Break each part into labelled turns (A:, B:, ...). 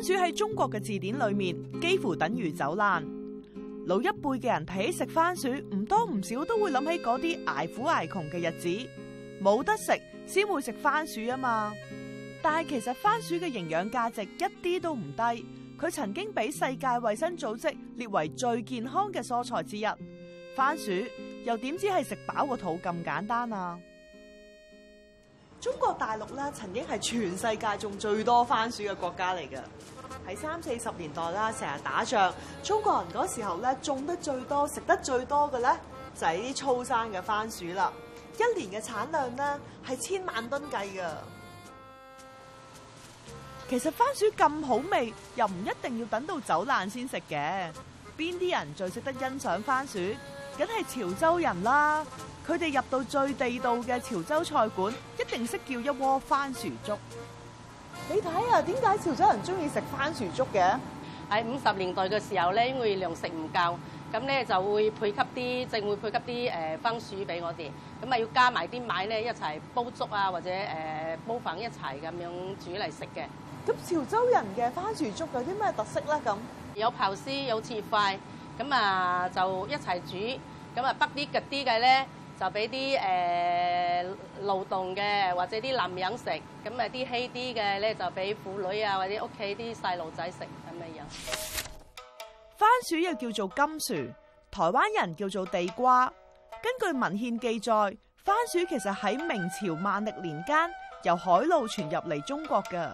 A: 番薯喺中國嘅字典裏面幾乎等於走難。老一輩嘅人提起食番薯，唔多唔少都會諗起嗰啲捱苦捱窮嘅日子，冇得食先會食番薯啊嘛。但係其實番薯嘅營養價值一啲都唔低，佢曾經俾世界衛生組織列為最健康嘅蔬菜之一。番薯又點知係食飽個肚咁簡單啊？中國大陸曾經係全世界種最多番薯嘅國家嚟嘅。喺三四十年代啦，成日打仗，中國人嗰時候咧種得最多、食得最多嘅咧就係啲粗生嘅番薯啦。一年嘅產量咧係千萬噸計噶。其實番薯咁好味，又唔一定要等到走難先食嘅。邊啲人最識得欣賞番薯？梗係潮州人啦。佢哋入到最地道嘅潮州菜館，一定識叫一鍋番、啊、番薯粥。你睇啊，點解潮州人鍾意食番薯粥嘅？喺五十年代嘅時候咧，因為糧食
B: 唔夠，咁咧就會配給啲，正會配給啲誒番薯俾我哋。咁啊要加埋啲米咧一齊煲粥啊，或者誒煲飯一齊咁樣煮嚟食嘅。
A: 咁潮州人嘅番薯粥有啲咩特色咧？咁有刨絲，有切塊，
B: 咁啊就一齊煮。咁啊北啲吉啲嘅咧。就俾啲誒勞動嘅或者啲男人食，咁啊啲稀啲嘅咧就俾婦女啊或者屋企啲細路仔食，係咪啊？
A: 番薯又叫做甘薯，台灣人叫做地瓜。根據文獻記載，番薯其實喺明朝萬歷年間由海路傳入嚟中國㗎。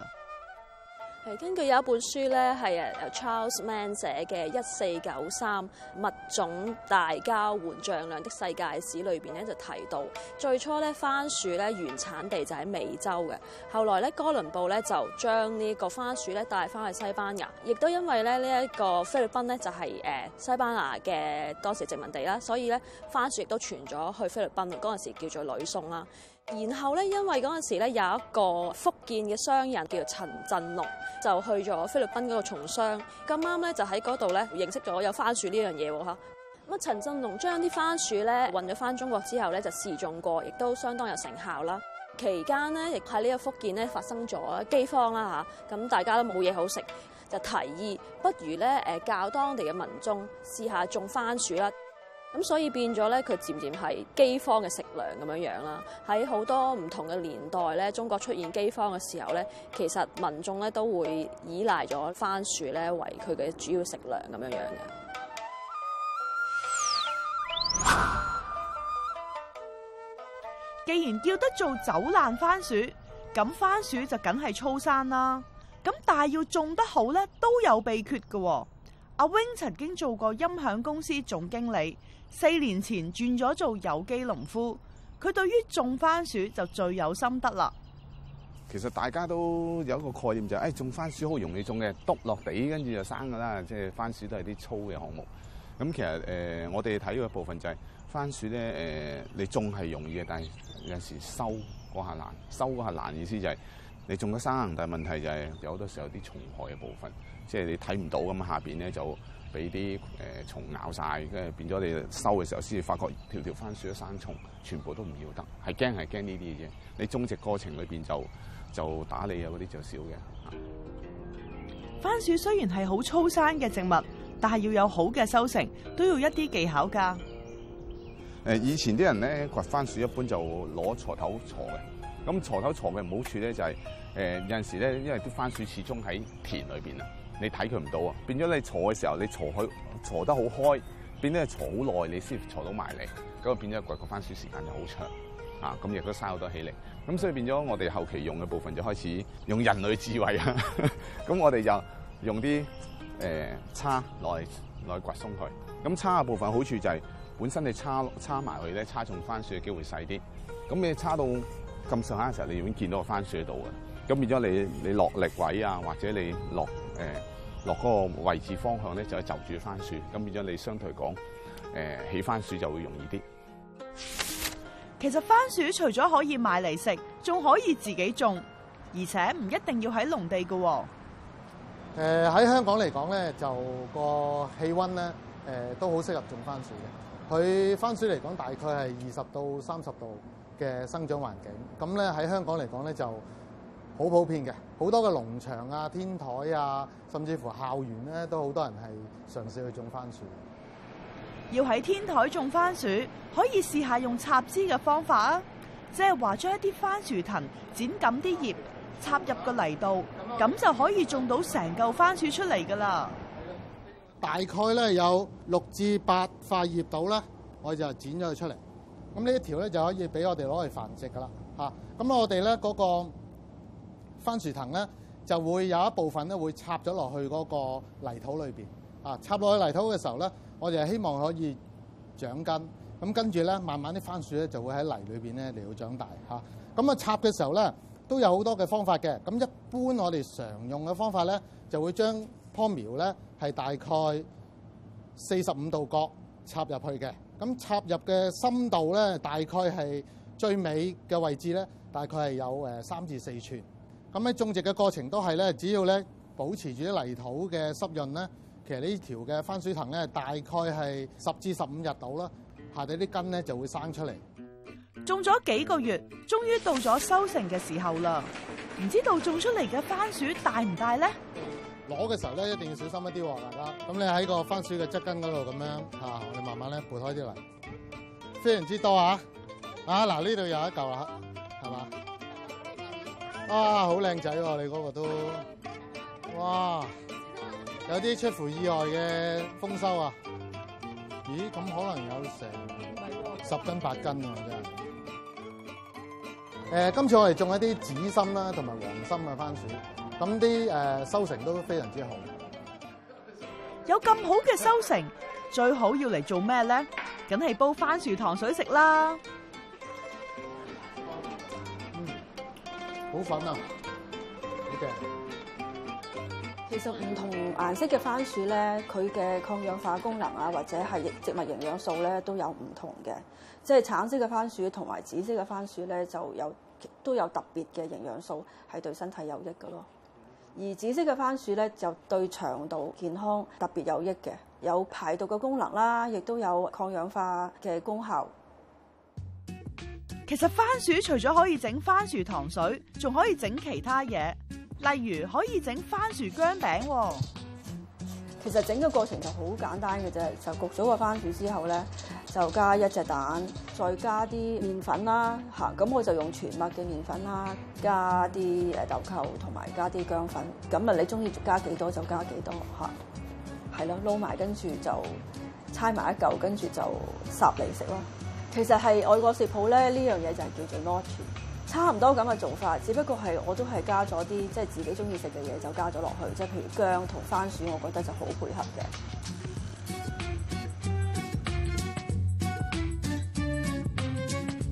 C: 根據有一本書咧，係誒 Charles Mann 寫嘅《一四九三：物種大交換丈量的世界史》裏邊咧就提到，最初咧番薯咧原產地就喺美洲嘅，後來咧哥倫布咧就將呢個番薯咧帶翻去西班牙，亦都因為咧呢一、這個菲律賓咧就係、是、誒、呃、西班牙嘅當時殖民地啦，所以咧番薯亦都傳咗去菲律賓，嗰陣時候叫做呂宋啦。然後咧，因為嗰陣時咧有一個福建嘅商人叫做陳振龍，就去咗菲律賓嗰度從商。咁啱咧就喺嗰度咧認識咗有番薯呢樣嘢喎，吓。咁啊，陳振龍將啲番薯咧運咗翻中國之後咧就試種過，亦都相當有成效啦。期間咧，亦喺呢個福建咧發生咗饑荒啦，吓，咁大家都冇嘢好食，就提議不如咧誒教當地嘅民眾試下種番薯啦。咁所以變咗咧，佢漸漸係饑荒嘅食糧咁樣樣啦。喺好多唔同嘅年代咧，中國出現饑荒嘅時候咧，其實民眾咧都會依賴咗番薯咧為佢嘅主要食糧咁樣樣嘅。
A: 既然叫得做走難番薯，咁番薯就梗係粗生啦。咁但係要種得好咧，都有秘訣嘅。阿 Wing 曾經做過音響公司總經理，四年前轉咗做有機農夫。佢對於種番薯就最有心得啦。
D: 其實大家都有一個概念就係、是，誒、哎，種番薯好容易種嘅，篤落地跟住就生噶啦。即、就、係、是、番薯都係啲粗嘅項目。咁、嗯、其實誒、呃，我哋睇到嘅部分就係番薯咧，誒、呃，你種係容易嘅，但係有陣時候收嗰下難，收嗰下難，意思就係你種得生，但係問題就係有好多時候啲蟲害嘅部分。即係你睇唔到咁，下邊咧就俾啲誒蟲咬晒，跟住變咗你收嘅時候先至發覺條條番薯都生蟲，全部都唔要得。係驚係驚呢啲嘢啫。你種植過程裏邊就就打理啊嗰啲就少嘅。
A: 番薯雖然係好粗生嘅植物，但係要有好嘅收成，都要一啲技巧㗎。誒
D: 以前啲人咧掘番薯一般就攞鋤頭鋤嘅，咁鋤頭鋤嘅唔好處咧就係誒有陣時咧，因為啲番薯始終喺田裏邊啊。你睇佢唔到啊，變咗你鋤嘅時候，你鋤去鋤得好開，變咗鋤好耐，你先鋤到埋嚟，咁啊變咗掘個番薯時間就好長啊。咁亦都嘥好多氣力，咁所以變咗我哋後期用嘅部分就開始用人類智慧啊。咁我哋就用啲誒、呃、叉來來掘鬆佢。咁叉嘅部分好處就係本身你叉叉埋佢咧，叉中番薯嘅機會細啲。咁你叉到咁上下嘅時候，你已經見到個番薯喺度啊。咁變咗你你落力位啊，或者你落。誒、呃，落嗰個位置方向咧，就係、是、就住番薯，咁變咗你相對講，誒、呃，起番薯就會容易啲。
A: 其實番薯除咗可以買嚟食，仲可以自己種，而且唔一定要喺農地
E: 噶、哦。誒、呃，喺香港嚟講咧，就個氣溫咧，誒、呃，都好適合種番薯嘅。佢番薯嚟講，大概係二十到三十度嘅生長環境。咁咧喺香港嚟講咧就。好普遍嘅，好多嘅農場啊、天台啊，甚至乎校園咧，都好多人係嘗試去種番薯。
A: 要喺天台種番薯，可以試下用插枝嘅方法啊，即係話將一啲番薯藤剪緊啲葉，插入個泥度，
E: 咁就可以種到成嚿番薯出嚟㗎啦。大概咧有六至八塊葉到呢，我就剪咗佢出嚟。咁呢一條咧就可以俾我哋攞嚟繁殖㗎啦。嚇，咁我哋咧嗰個。番薯藤咧就會有一部分咧會插咗落去嗰個泥土裏邊啊！插落去泥土嘅時候咧，我哋係希望可以長根咁，跟住咧慢慢啲番薯咧就會喺泥裏邊咧嚟到長大嚇。咁啊，啊，插嘅時候咧都有好多嘅方法嘅。咁一般我哋常用嘅方法咧就會將樖苗咧係大概四十五度角插入去嘅。咁插入嘅深度咧大概係最尾嘅位置咧，大概係有誒三至四寸。咁樣種植嘅過程都係咧，只要咧保持住啲泥土嘅濕潤咧，其實呢條嘅番薯藤咧，大概係十至十五日到啦，下底啲根咧就會生出嚟。種咗幾個月，終於到咗收成嘅時候啦！唔知道種出嚟嘅番薯大唔大咧？攞嘅時候咧，一定要小心一啲喎，大家。咁你喺個番薯嘅側根嗰度咁樣嚇、啊，我哋慢慢咧撥開啲嚟，非常之多啊！啊嗱，呢度有一嚿啦，係嘛？啊，好靚仔喎！你嗰個都，哇，有啲出乎意外嘅豐收啊！咦，咁可能有成十斤八斤啊！真係。誒，今次我哋種一啲紫心啦，同埋黃心嘅番薯，咁啲誒收成都非常之好。有咁好嘅收成，
A: 最好要嚟做咩咧？梗係煲番薯糖水食啦！
E: 好
F: 粉，啊這個，其實唔同顏色嘅番薯咧，佢嘅抗氧化功能啊，或者係植物營養素咧，都有唔同嘅。即係橙色嘅番薯同埋紫色嘅番薯咧，就有都有特別嘅營養素係對身體有益嘅咯。而紫色嘅番薯咧，就對腸道健康特別有益嘅，有排毒嘅功能啦，啊，亦都有抗氧化嘅功效。其
A: 實番薯除咗可以整番薯糖水，仲可以整其他嘢，例如可
F: 以整番薯薑餅。其實整個過程就好簡單嘅啫，就焗咗個番薯之後咧，就加一隻蛋，再加啲麵粉啦，吓，咁我就用全麥嘅麵粉啦，加啲誒豆蔻同埋加啲薑粉，咁啊你中意加幾多就加幾多，吓，係咯，撈埋，跟住就猜埋一嚿，跟住就烚嚟食咯。其實係外國食譜咧，呢樣嘢就係叫做 nacho，差唔多咁嘅做法，只不過係我都係加咗啲即係自己中意食嘅嘢，就加咗落去，即係譬如薑同番薯，我覺得就好配合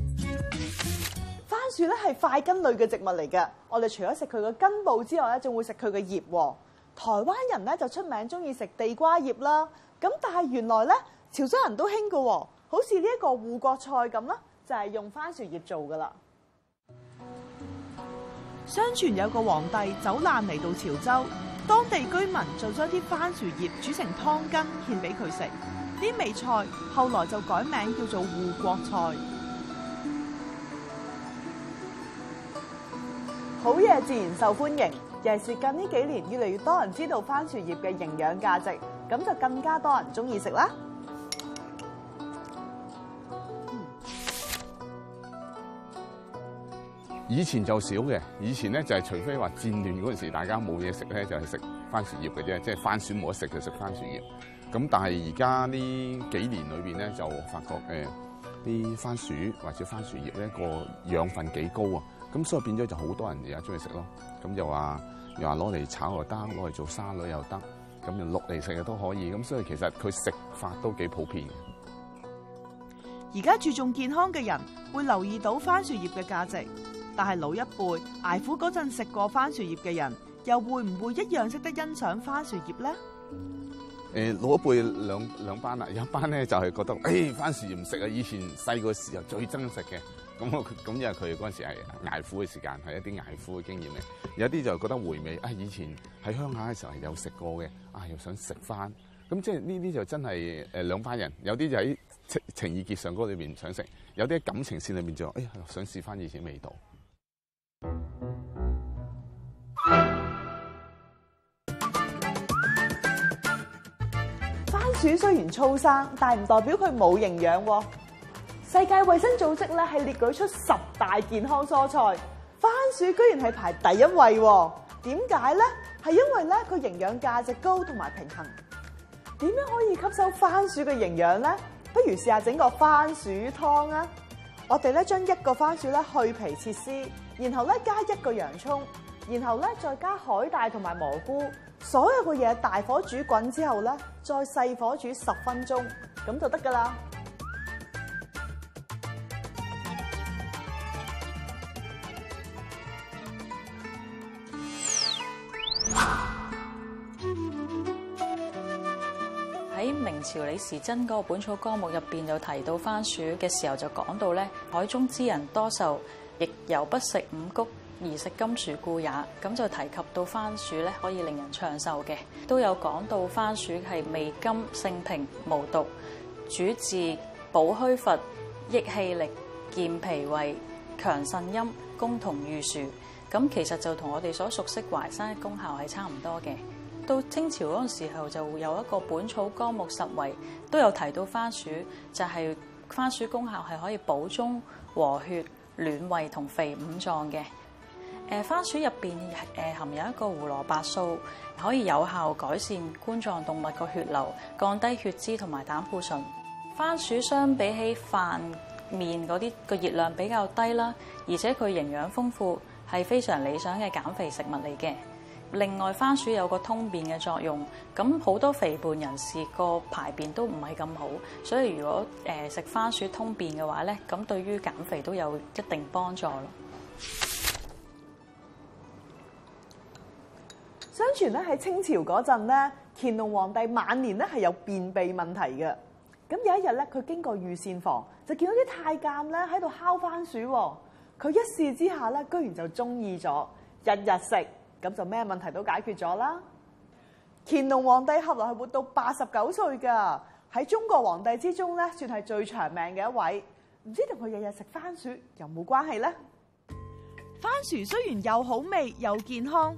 F: 嘅。
A: 番薯咧係塊根類嘅植物嚟嘅，我哋除咗食佢個根部之外咧，仲會食佢嘅葉。台灣人咧就出名中意食地瓜葉啦，咁但係原來咧潮州人都興嘅喎。好似呢一個護國菜咁啦，就係、是、用番薯葉做噶啦。相傳有個皇帝走難嚟到潮州，當地居民就將啲番薯葉煮成湯羹獻俾佢食，啲味菜後來就改名叫做護國菜。好嘢自然受歡迎，尤其是近呢幾年越嚟越多人知道番薯葉嘅營養價值，咁就更加多人中意食啦。
D: 以前就少嘅，以前咧就係、是、除非話戰亂嗰陣時，大家冇嘢食咧，就係、是、食番薯葉嘅啫，即、就、係、是、番薯冇得食就食番薯葉。咁但係而家呢幾年裏邊咧，就發覺誒，啲、呃、番薯或者番薯葉咧個養分幾高啊，咁所以變咗就好多人而家中意食咯。咁又話又話攞嚟炒又得，攞嚟做沙律又得，咁就落嚟食嘅都可以。咁所以其實佢食法都幾普遍嘅。
A: 而家注重健康嘅人會留意到番薯葉嘅價值。但係老一輩捱苦嗰陣食過番薯葉嘅人，又會唔會一樣識得欣賞番薯葉咧？
D: 誒，老一輩兩兩班啊，有一班咧就係、是、覺得誒、哎、番薯葉唔食啊，以前細個時候最憎食嘅。咁咁因為佢嗰陣時係捱苦嘅時間，係一啲捱苦嘅經驗嚟。有啲就覺得回味啊、哎，以前喺鄉下嘅時候係有食過嘅，啊又想食翻。咁即係呢啲就真係誒兩班人，有啲就喺情情義結上高裏邊想食，有啲喺感情線裏面就誒、哎、想試翻以前味道。
A: 雖然粗生，但唔代表佢冇營養喎。世界衛生組織咧係列舉出十大健康蔬菜，番薯居然係排第一位，點解呢？係因為咧佢營養價值高同埋平衡。點樣可以吸收番薯嘅營養呢？不如試下整個番薯湯啊！我哋咧將一個番薯咧去皮切絲，然後咧加一個洋葱。然後咧，再加海帶同埋蘑菇，所有嘅嘢大火煮滾之後咧，再細火煮十分鐘，咁就得噶啦。
G: 喺明朝李時珍嗰個《本草綱目》入邊，就提到番薯嘅時候，就講到咧，海中之人多壽，亦由不食五穀。而食金薯故也，咁就提及到番薯咧，可以令人長壽嘅。都有講到番薯係味甘性平無毒，主治補虛乏、益氣力、健脾胃、強腎陰、功同玉薯。咁其實就同我哋所熟悉淮山嘅功效係差唔多嘅。到清朝嗰陣時候就有一個《本草綱目拾遺》，都有提到番薯就係、是、番薯功效係可以補中和血、暖胃同肥五臟嘅。誒番薯入面誒含有一個胡蘿蔔素，可以有效改善冠狀動脈個血流，降低血脂同埋膽固醇。番薯相比起飯麵嗰啲個熱量比較低啦，而且佢營養豐富，係非常理想嘅減肥食物嚟嘅。另外番薯有個通便嘅作用，咁好多肥胖人士個排便都唔係咁好，所以如果誒食番薯通便嘅話咧，咁對於減肥都有一定幫助咯。
A: 全咧喺清朝嗰陣咧，乾隆皇帝晚年咧係有便秘問題嘅。咁有一日咧，佢經過御膳房，就見到啲太監咧喺度烤番薯。佢一試之下咧，居然就中意咗，日日食，咁就咩問題都解決咗啦。乾隆皇帝後來係活到八十九歲噶，喺中國皇帝之中咧算係最長命嘅一位。唔知同佢日日食番薯有冇關係咧？番薯雖然又好味又健康。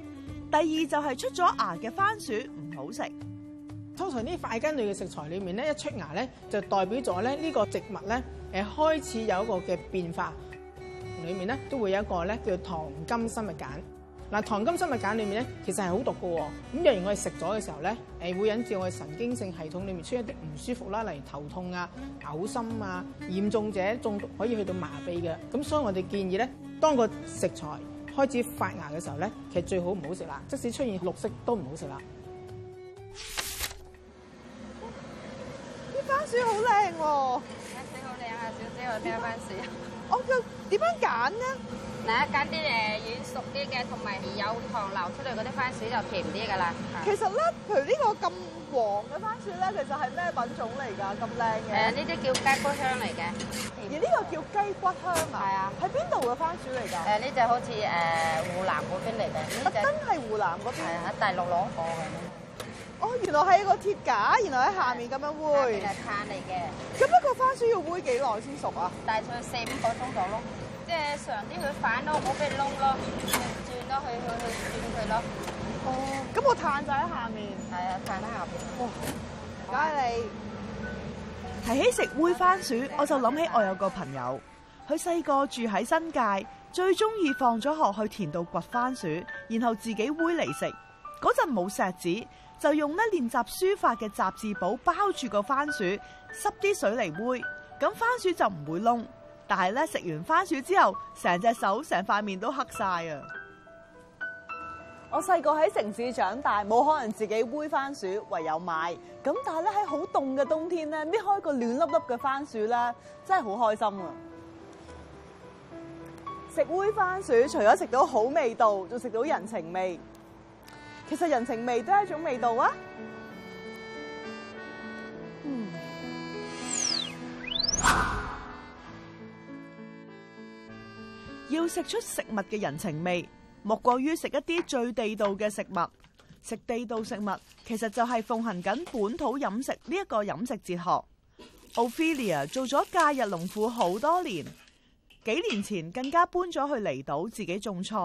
H: 第二就係出咗芽嘅番薯唔好食。通常呢塊根類嘅食材裏面咧，一出芽咧，就代表咗咧呢個植物咧，誒開始有一個嘅變化。裏面咧都會有一個咧叫糖甘生物鹼。嗱，糖甘生物鹼裏面咧其實係好毒噶。咁若然我哋食咗嘅時候咧，誒會引致我哋神經性系統裏面出一啲唔舒服啦，例如頭痛啊、嘔心啊，嚴重者中毒可以去到麻痹嘅。咁所以我哋建議咧，當個食材。開始發芽嘅時候咧，其實最好唔好食啦。即使出現綠色都唔好食啦。
A: 啲番薯好靚喎、哦！番薯好
H: 靚啊，小姐，係咩番薯啊？我叫點樣揀呢？嗱，一揀啲誒軟熟啲嘅，同埋有糖流出嚟嗰啲番薯就甜啲噶啦。其
A: 實咧，譬如呢個咁黃嘅番薯咧，其實係咩品種嚟㗎？咁靚嘅。誒、嗯，呢啲叫雞
D: 骨
H: 香嚟嘅，而呢個叫雞骨香啊。係啊。係邊度嘅番薯嚟㗎？誒、嗯，呢隻好似誒、呃、湖南嗰邊嚟嘅，呢隻真係湖南嗰邊。係啊，大陸攞貨嘅。
A: 哦，原來係一個鐵架，原來喺下面咁樣煨。炭嚟
H: 嘅。咁一個番薯要煨幾耐先熟啊？大概四五個鐘頭咯。即係常啲去翻咯，冇俾窿咯，轉咯，轉去去去轉佢咯。哦，咁我
A: 炭喺下面。係啊，炭喺下面。唔、哦、該你。嗯、提起食煨番薯謝謝，我就諗起我有個朋友，佢細個住喺新界，最中意放咗學去田度掘番薯，然後自己煨嚟食。嗰陣冇錫紙，就用呢練習書法嘅雜誌簿包住個番薯，濕啲水嚟煨，咁番薯就唔會窿。但係咧，食完番薯之後，成隻手、成塊面都黑晒啊！我細個喺城市長大，冇可能自己煨番薯，唯有買。咁但係咧喺好凍嘅冬天咧，搣開個暖粒粒嘅番薯咧，真係好開心啊！食煨番薯，除咗食到好味道，仲食到人情味。其實人情味都係一種味道啊！嗯。要食出食物嘅人情味，莫過於食一啲最地道嘅食物。食地道食物，其實就係奉行緊本土飲食呢一個飲食哲學。Ophelia 做咗假日農婦好多年，幾年前更加搬咗去離島自己種菜，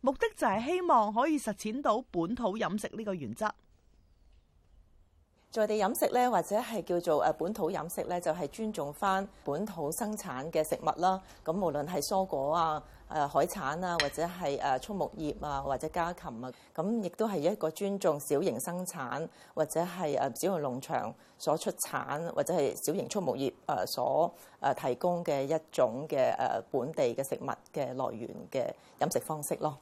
I: 目的就係希望可以實踐到本土飲食呢個原則。在地飲食咧，或者係叫做誒本土飲食咧，就係尊重翻本土生產嘅食物啦。咁無論係蔬果啊、誒海產啊，或者係誒畜牧業啊，或者家禽啊，咁亦都係一個尊重小型生產或者係誒小型農場所出產或者係小型畜牧業誒所誒提供嘅一種嘅誒本地嘅食物嘅來源嘅飲食方式咯。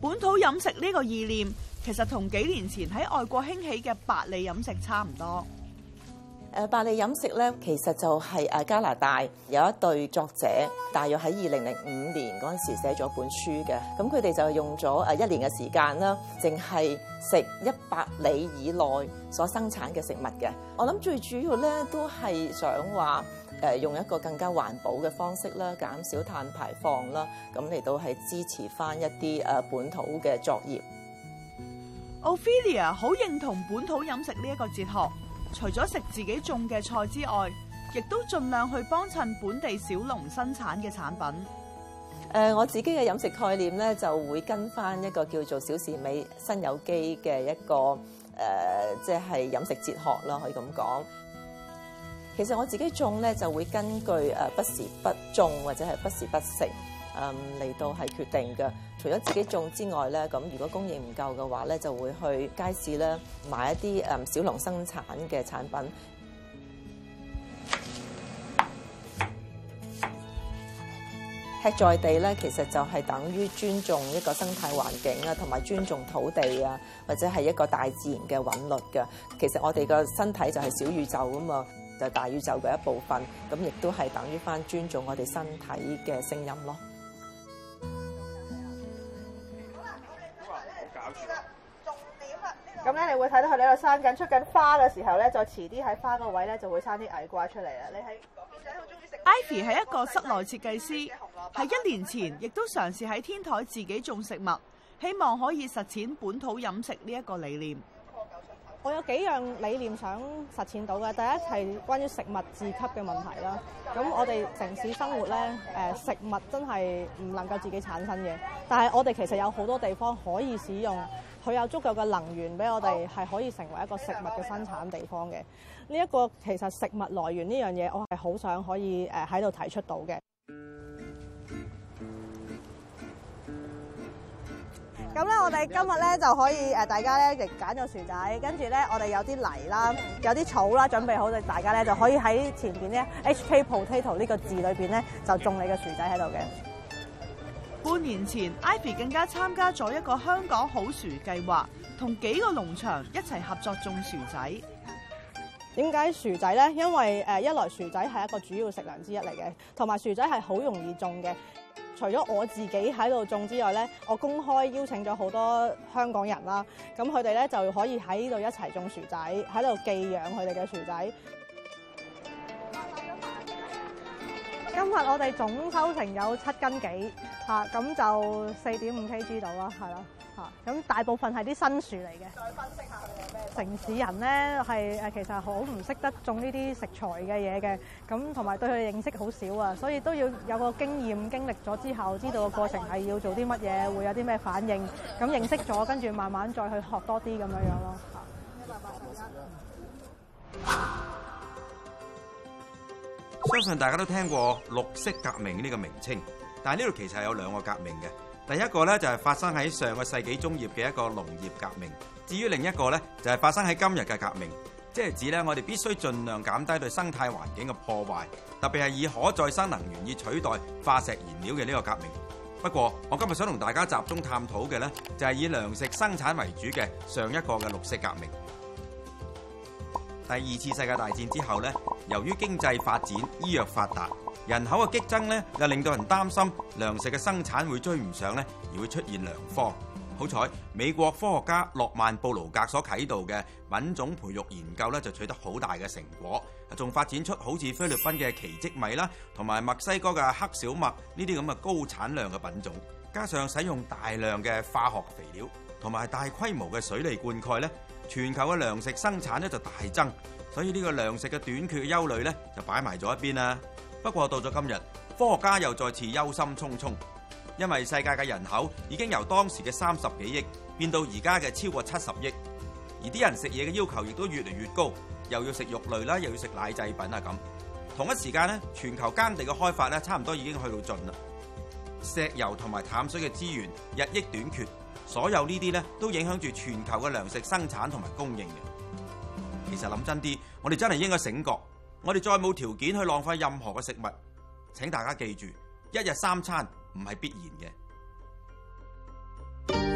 A: 本土飲食呢個意念。其實同幾年前喺外國興起嘅百里飲食差唔多。
I: 誒，百里飲食咧，其實就係誒加拿大有一對作者，大約喺二零零五年嗰陣時寫咗本書嘅。咁佢哋就用咗誒一年嘅時間啦，淨係食一百里以內所生產嘅食物嘅。我諗最主要咧都係想話誒，用一個更加環保嘅方式啦，減少碳排放啦，咁嚟到係支持翻一啲誒本土嘅作業。
A: Ophelia 好認同本土飲食呢一個哲學，除咗食自己種嘅菜之外，亦都盡量去幫襯本地小農生產
I: 嘅產品。誒，我自己嘅飲食概念咧，就會跟翻一個叫做小市美新有機嘅一個誒，即係飲食哲學啦，可以咁講。其實我自己種咧，就會根據誒不時不種或者係不時不食，誒，嚟到係決定嘅。除咗自己種之外咧，咁如果供應唔夠嘅話咧，就會去街市咧買一啲誒小農生產嘅產品，嗯。吃在地咧，其實就係等於尊重一個生態環境啊，同埋尊重土地啊，或者係一個大自然嘅韻律嘅。其實我哋個身體就係小宇宙吖嘛，就係、大宇宙嘅一部分。咁亦都係等於翻尊重我哋身體嘅聲音咯。
B: 咧，你會睇到佢喺度生緊，出緊花嘅時候咧，
A: 再遲啲喺花個位咧，就會生啲矮瓜出嚟啦。你喺，女仔 Ivy 係一個室內設計師，喺一年前亦都嘗試喺天台自己種食物，希望可以實踐本土飲食呢一個理念。我有幾樣理念想實踐
B: 到嘅，第一係關於食物自給嘅問題啦。咁我哋城市生活咧，誒食物真係唔能夠自己產生嘅，但係我哋其實有好多地方可以使用。佢有足夠嘅能源俾我哋，係可以成為一個食物嘅生產地方嘅。呢一個其實食物來源呢樣嘢，我係好想可以誒喺度提出到嘅。咁咧，我哋今日咧就可以誒，大家咧直揀咗薯仔，跟住咧我哋有啲泥啦，有啲草啦，準備好，就大家咧就可以喺前邊咧 HK Potato 呢個字裏邊咧就種你嘅薯
A: 仔喺度嘅。半年前，Ivy 更加參加咗一個香港好薯計劃，同幾個農場一齊合作種薯仔。點
B: 解薯仔呢？因為誒一來薯仔係一個主要食糧之一嚟嘅，同埋薯仔係好容易種嘅。除咗我自己喺度種之外，呢我公開邀請咗好多香港人啦。咁佢哋呢，就可以喺呢度一齊種薯仔，喺度寄養佢哋嘅薯仔。今日我哋總收成有七斤幾，嚇咁就四點五 Kg 到啦，係啦，嚇咁大部分係啲新樹嚟嘅。再分析下佢咩。城市人咧係誒，其實好唔識得種呢啲食材嘅嘢嘅，咁同埋對佢認識好少啊，所以都要有個經驗經歷咗之後，知道個過程係要做啲乜嘢，會有啲咩反應，咁認識咗，跟住慢慢再去學多啲咁樣樣咯。
J: 相信大家都聽過綠色革命呢個名稱，但係呢度其實係有兩個革命嘅。第一個呢，就係發生喺上個世紀中葉嘅一個農業革命，至於另一個呢，就係發生喺今日嘅革命，即係指呢，我哋必須盡量減低對生態環境嘅破壞，特別係以可再生能源以取代化石燃料嘅呢個革命。不過我今日想同大家集中探討嘅呢，就係以糧食生產為主嘅上一個嘅綠色革命。第二次世界大戰之後咧，由於經濟發展、醫藥發達、人口嘅激增咧，又令到人擔心糧食嘅生產會追唔上咧，而會出現糧荒。好彩，美國科學家諾曼布魯格所啟導嘅品種培育研究咧，就取得好大嘅成果，仲發展出好似菲律賓嘅奇蹟米啦，同埋墨西哥嘅黑小麥呢啲咁嘅高產量嘅品種。加上使用大量嘅化學肥料同埋大規模嘅水利灌溉咧全球嘅糧食生產咧就大增，所以呢個糧食嘅短缺嘅憂慮咧就擺埋咗一邊啦。不過到咗今日，科學家又再次憂心忡忡，因為世界嘅人口已經由當時嘅三十幾億變到而家嘅超過七十億，而啲人食嘢嘅要求亦都越嚟越高，又要食肉類啦，又要食奶製品啊咁。同一時間咧，全球耕地嘅開發咧差唔多已經去到盡啦，石油同埋淡水嘅資源日益短缺。所有呢啲呢都影響住全球嘅糧食生產同埋供應嘅。其實諗真啲，我哋真係應該醒覺，我哋再冇條件去浪費任何嘅食物。請大家記住，一日三餐唔係必然嘅。